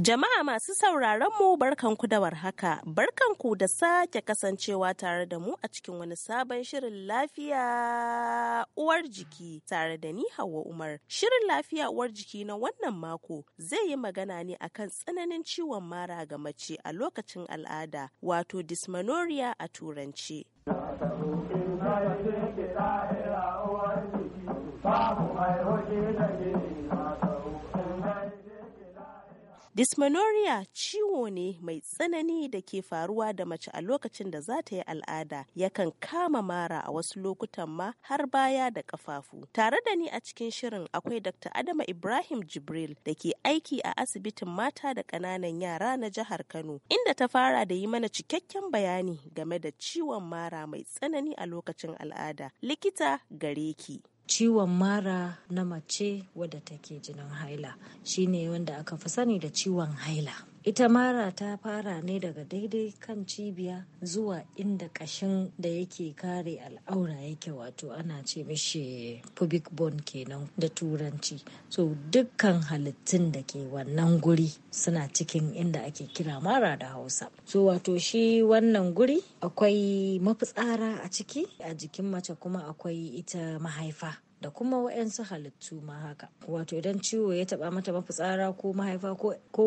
Jama'a masu sauraron mu barkanku da warhaka, barkanku da sake kasancewa tare da mu a cikin wani sabon shirin lafiya uwar jiki tare da ni Hauwa Umar. Shirin lafiya uwar jiki na wannan mako zai yi magana ne akan tsananin ciwon mara ga mace a lokacin al'ada, wato Dismanoria a turanci. Babu Dysmenorrhea ciwo ne mai tsanani da ke faruwa da mace a lokacin da za ta yi al'ada yakan kama mara a wasu lokutan ma har baya da kafafu. Tare da ni a cikin shirin akwai Dr. Adama Ibrahim Jibril da ke aiki a asibitin mata da ƙananan yara na jihar Kano inda ta fara da yi mana cikakken bayani game da ciwon mara mai tsanani a lokacin al'ada. Likita gare ki. ciwon mara na mace wadda take jinin haila shine wanda aka fi sani da ciwon haila Ita mara ta fara ne daga daidai kan cibiya zuwa inda kashin da yake kare al'aura yake wato ana ce mishi pubic bone kenan da turanci. So dukkan halittun da ke wannan guri suna cikin inda ake kira mara da Hausa. So wato shi wannan guri akwai mafitsara a ciki a jikin mace kuma akwai ita mahaifa. da kuma waɗansu halittu ma haka wato idan ciwo ya taɓa mata mafitsara ko mahaifa ko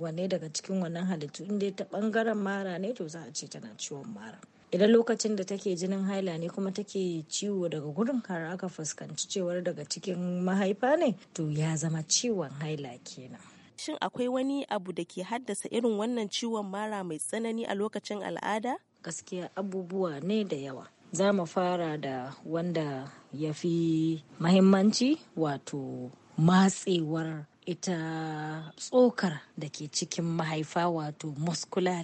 wane daga cikin wannan halittu inda ta ɓangaren mara ne to za a ce tana ciwon mara idan lokacin da take jinin haila ne kuma take ciwo daga gurin har aka fuskanci cewar daga cikin mahaifa ne to ya zama ciwon haila kenan shin akwai wani abu da ke haddasa irin wannan ciwon mara mai tsanani a lokacin al'ada gaskiya abubuwa ne da yawa za mu fara da wanda ya fi mahimmanci wato matsewar ita tsokar da ke cikin mahaifa wato muscular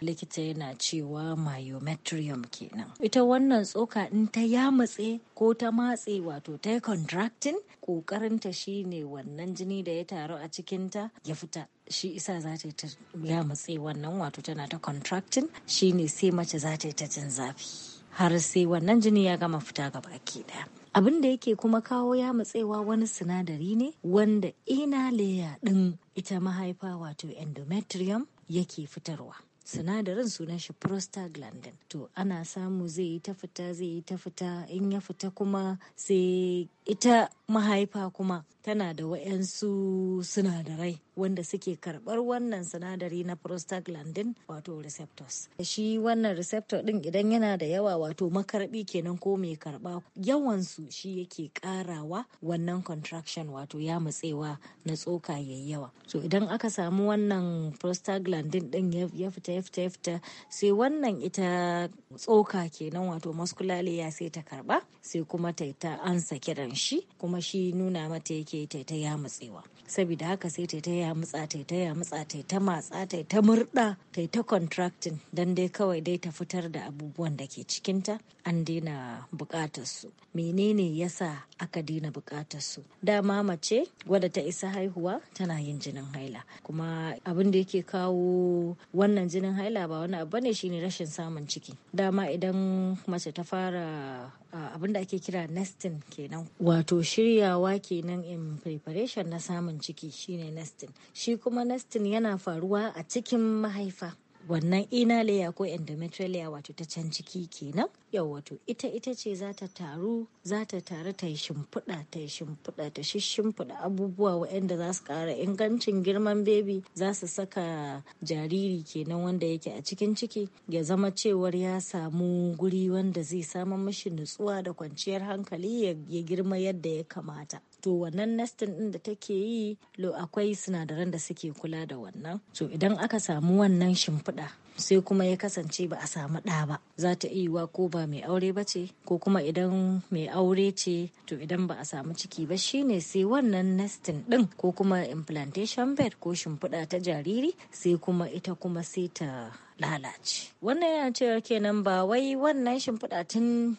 likita yana cewa myometrium kenan ita wannan tsoka in ta yamutse ko ta matse wato ta contracting kokarinta shine wannan jini da ya taru a cikinta ya fita shi isa za ta yi ta yamatse wannan wato tana ta contracting shine sai mace za ta yi ta jin zafi har sai wannan jini ya gama fita gaba ki daya abin da yake kuma kawo ya matsewa wani sinadari ne wanda ina leya din ita mahaifa wato endometrium yake fitarwa sinadarin sunan shi prostaglandin to ana samu zai yi ta fita zai yi ta fita in ya fita kuma sai ita mahaifa kuma tana da wa'yansu sinadarai wanda suke karɓar wannan sinadari na prostaglandin wato receptors shi wannan receptor ɗin idan yana da yawa wato makarbi kenan ko mai karɓa yawansu shi yake ƙarawa wannan contraction wato ya matsewa na tsoka yayi yawa so idan aka samu wannan prostaglandin ɗin ya fita ya fita ya fita sai wannan ita tsoka kenan wato muscular layer sai ta karɓa sai kuma ta ta ansa kiran shi kuma shi nuna mata yake yake yi ta ya mutsewa saboda haka sai ta ta ya mutsa ta ta ya mutsa ta ta matsa ta ta murda ta ta contracting dan dai kawai dai ta fitar da abubuwan da ke cikinta an daina bukatar su menene yasa aka daina bukatar su dama mace wadda ta isa haihuwa tana yin jinin haila kuma abin da yake kawo wannan jinin haila ba wani abu ne shine rashin samun ciki dama idan mace ta fara abin da ake kira nesting kenan wato shiryawa kenan yin preparation na samun ciki shine nesting shi kuma nesting yana faruwa a cikin mahaifa wannan ina layer ko endometrial layer wato ta can ciki kenan yau wato ita ita ce za ta taru za ta taru ta yi shimfiɗa ta yi shimfiɗa ta shimfiɗa abubuwa waɗanda za su ƙara ingancin girman bebi za su saka jariri kenan wanda yake a cikin ciki ya zama cewar ya samu guri wanda zai samu mashi nutsuwa da kwanciyar hankali ya girma yadda ya kamata to wannan nesting din da take yi lo akwai sinadaran da suke kula da wannan to idan aka samu wannan shimfiɗa sai kuma ya kasance ba a samu ɗa ba za ta iya ko ba mai aure ba ce ko kuma idan mai aure ce to idan ba a samu ciki ba shine sai wannan nesting ɗin ko kuma implantation bed ko shimfiɗa ta jariri sai kuma ita kuma sai ta lalace wannan yana cewa kenan ba wai wannan shimfiɗa tun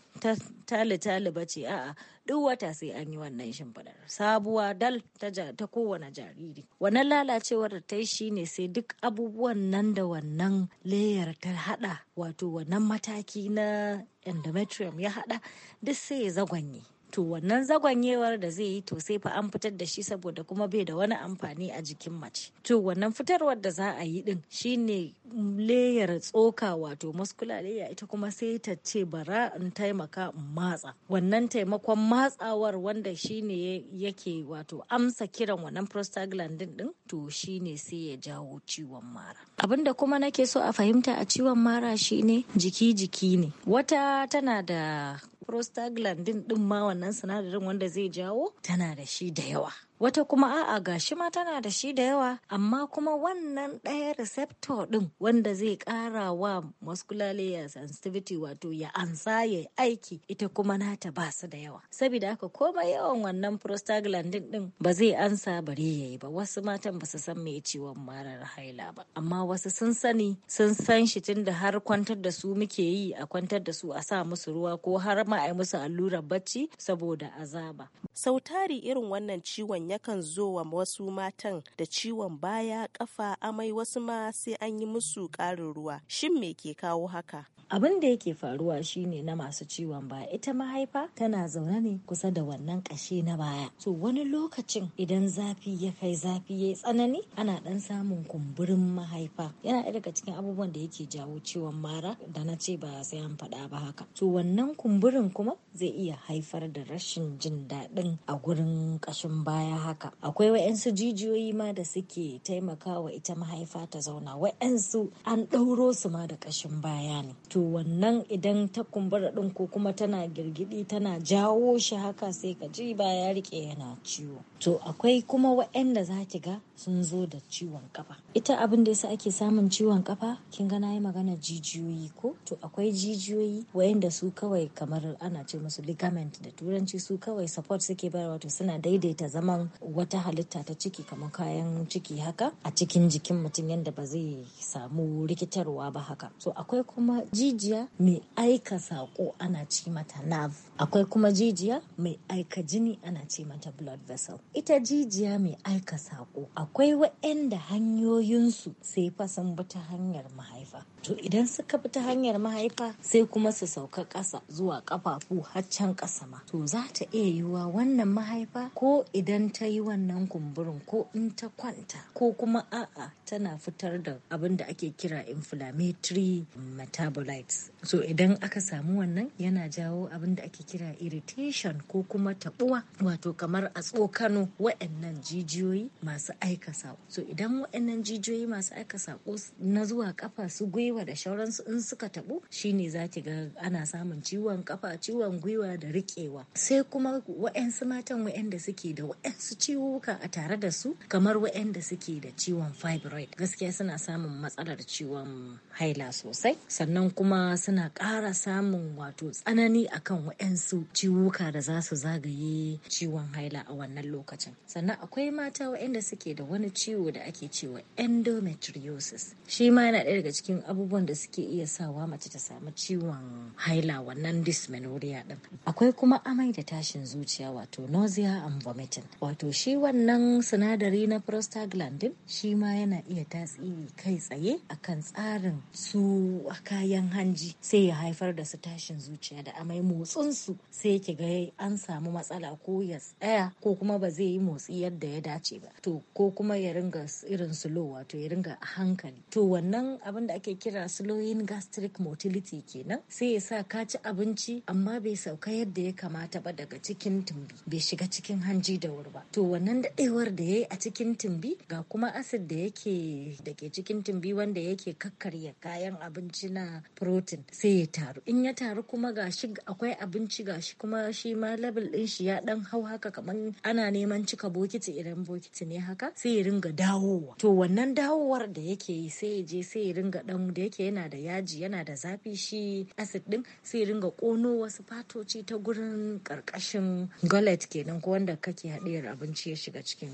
tali-tali ba ce a'a duk wata sai an yi wannan shimfiɗar sabuwa dal ta kowane jariri wannan lalacewar da ta yi shi ne sai duk abubuwan nan da wannan layar ta hada wato wannan mataki na endometrium ya hada duk sai ya zagwanye to wannan zagwanyewar da zai yi to sai fa an fitar da shi saboda kuma bai da wani amfani a jikin mace to wannan fitarwar da za a yi din shine layar tsoka wato muscular layer ita kuma sai ta ce bara in taimaka in matsa wannan taimakon matsawar wanda shine yake wato amsa kiran wannan prostaglandin din to shine sai ya jawo ciwon mara da kuma nake so a fahimta a ciwon mara shine jiki jiki ne wata tana da prostaglandin din ma wannan sinadarin wanda zai jawo tana da shi da yawa wata kuma a'a gashi ma tana da shi da yawa amma kuma wannan ɗaya receptor ɗin wanda zai ƙara wa muscular layer sensitivity wato ya ansa ya aiki ita kuma nata ba su da yawa saboda haka komai yawan wannan prostaglandin ɗin ba zai ansa bari yayi ba wasu matan ba su san me ciwon marar haila ba amma wasu sun sani sun san shi tun da har kwantar da su muke yi a kwantar da su a sa musu ruwa ko har ma a yi musu allurar bacci saboda azaba sautari irin wannan ciwon yakan zo wa wasu matan da ciwon baya, kafa, amai wasu ma sai an yi musu ƙarin ruwa. Shin me ke kawo haka? abin da yake faruwa shine na masu ciwon baya ita mahaifa tana zaune ne kusa da wannan kashe na baya to wani lokacin idan zafi ya kai zafi ya tsanani ana dan samun kumburin mahaifa yana ɗaya daga cikin abubuwan da yake jawo ciwon mara da na ce ba sai an faɗa ba haka to wannan kumburin kuma zai iya haifar da rashin jin daɗin a gurin kashin baya haka akwai wa'yansu jijiyoyi ma da suke taimakawa ita mahaifa ta zauna wa'yansu an ɗauro su ma da kashin baya ne to wannan idan ta kumbura ɗin ko kuma tana girgidi tana jawo shi haka sai ka ji ba ya riƙe yana ciwo to akwai kuma waɗanda za ki ga sun zo da ciwon kafa ita abin da yasa ake samun ciwon kafa kin ga nayi magana jijiyoyi ko to akwai jijiyoyi waɗanda su kawai kamar ana ce musu ligament da turanci su kawai support suke bayar wato suna daidaita zaman wata halitta ta ciki kamar kayan ciki haka a cikin jikin mutum yadda ba zai samu rikitarwa ba haka so akwai kuma ji jijiya mai aika saƙo ana ci mata nav akwai kuma jijiya mai aika jini ana ce mata blood vessel ita jijiya mai aika sako akwai waɗanda hanyoyinsu sai fa sun bi ta hanyar mahaifa to idan suka bi ta hanyar mahaifa sai kuma su sauka ƙasa zuwa ƙafafu haccan ƙasa ma to za ta iya yiwuwa wannan mahaifa ko idan ta yi wannan kumburin ko in ta kwanta ko kuma a'a tana fitar da abin da ake kira inflammatory metabolite parasites so idan aka samu wannan yana jawo abin da ake kira irritation ko kuma tabuwa wato kamar a tsokano wa'annan jijiyoyi masu aika sako so idan wa'annan jijiyoyi masu aika sako na zuwa kafa su gwiwa da shauransu in suka tabu shine za ki ga ana samun ciwon kafa ciwon gwiwa da riƙewa sai kuma wa'ansu matan wa'anda suke da wa'ansu ciwuka a tare da su kamar wa'anda suke da ciwon fibroid gaskiya suna samun matsalar ciwon haila sosai sannan kuma kuma suna ƙara samun wato tsanani akan waɗansu ciwuka da za su zagaye ciwon haila a wannan lokacin sannan akwai mata waɗanda suke da wani ciwo da ake cewa endometriosis shi ma yana ɗaya daga cikin abubuwan da suke iya sawa mace ta samu ciwon haila wannan dysmenorrhea ɗin. akwai kuma amai da tashin zuciya wato nausea and vomiting wato shi wannan sinadari na prostaglandin shi ma yana iya tasiri kai tsaye akan tsarin su kayan hanji sai ya haifar da su tashin zuciya da amai motsinsu sai ki ga an samu matsala ko ya tsaya ko kuma ba zai yi motsi yadda ya dace ba to ko kuma ya ringa irin slow wato ya ringa hankali to wannan abin da ake kira slowing gastric motility kenan sai ya sa ka ci abinci amma bai sauka yadda ya kamata ba daga cikin tumbi bai shiga cikin hanji da wuri ba to wannan daɗewar da ya yi a cikin tumbi ga kuma acid da yake da ke cikin tumbi wanda yake kakkarya kayan abinci na protein sai ya taru in ya taru kuma gashi akwai abinci gashi kuma shi ma level din shi ya dan hau haka kamar ana neman cika bokiti idan bokiti ne haka sai ya ringa dawowa to wannan dawowar da yake yi sai ya je sai ya ringa dan da yake yana da yaji yana da zafi shi acid din sai ya ringa kono wasu fatoci ta gurin karkashin gullet kenan ko wanda kake haɗiyar abinci ya shiga cikin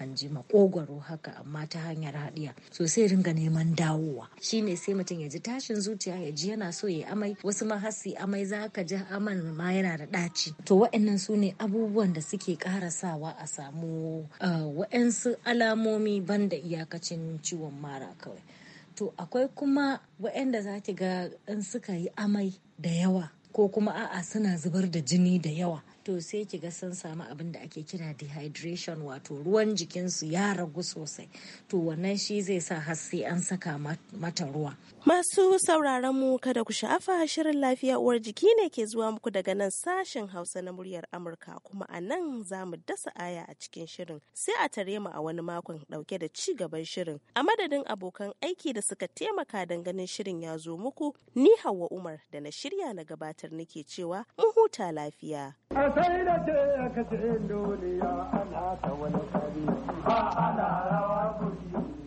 An hanji makogwaro haka amma ta hanyar haɗiya Sosai ringa neman dawowa Shi ne sai mutum ya ji tashin zuciya ya ji yana so ya amai wasu ma su amai za ka ji aman ma yana da ɗaci to wa'annan su ne abubuwan da suke ƙara sawa a samu eh, wa'ansu alamomi banda iyakacin ciwon mara kawai to akwai kuma wa'anda za ki ga in suka yi amai da yawa ko kuma a'a suna zubar da jini da yawa to sai ki ga sun samu abin da ake kira dehydration wato ruwan jikin su ya ragu sosai to wannan shi zai sa har sai an saka mata ruwa masu sauraron mu kada ku sha'afa shirin lafiya uwar jiki ne ke zuwa muku daga nan sashen hausa na muryar amurka kuma a nan za mu dasa aya a cikin shirin sai a tare mu a wani makon dauke da ci gaban shirin a madadin abokan aiki da suka taimaka ganin shirin ya zo muku ni hawa umar da na shirya na gabata tumatir nake cewa mu huta lafiya. A sai da ce aka ce duniya ana ta wani kari ba ana rawa kuɗi.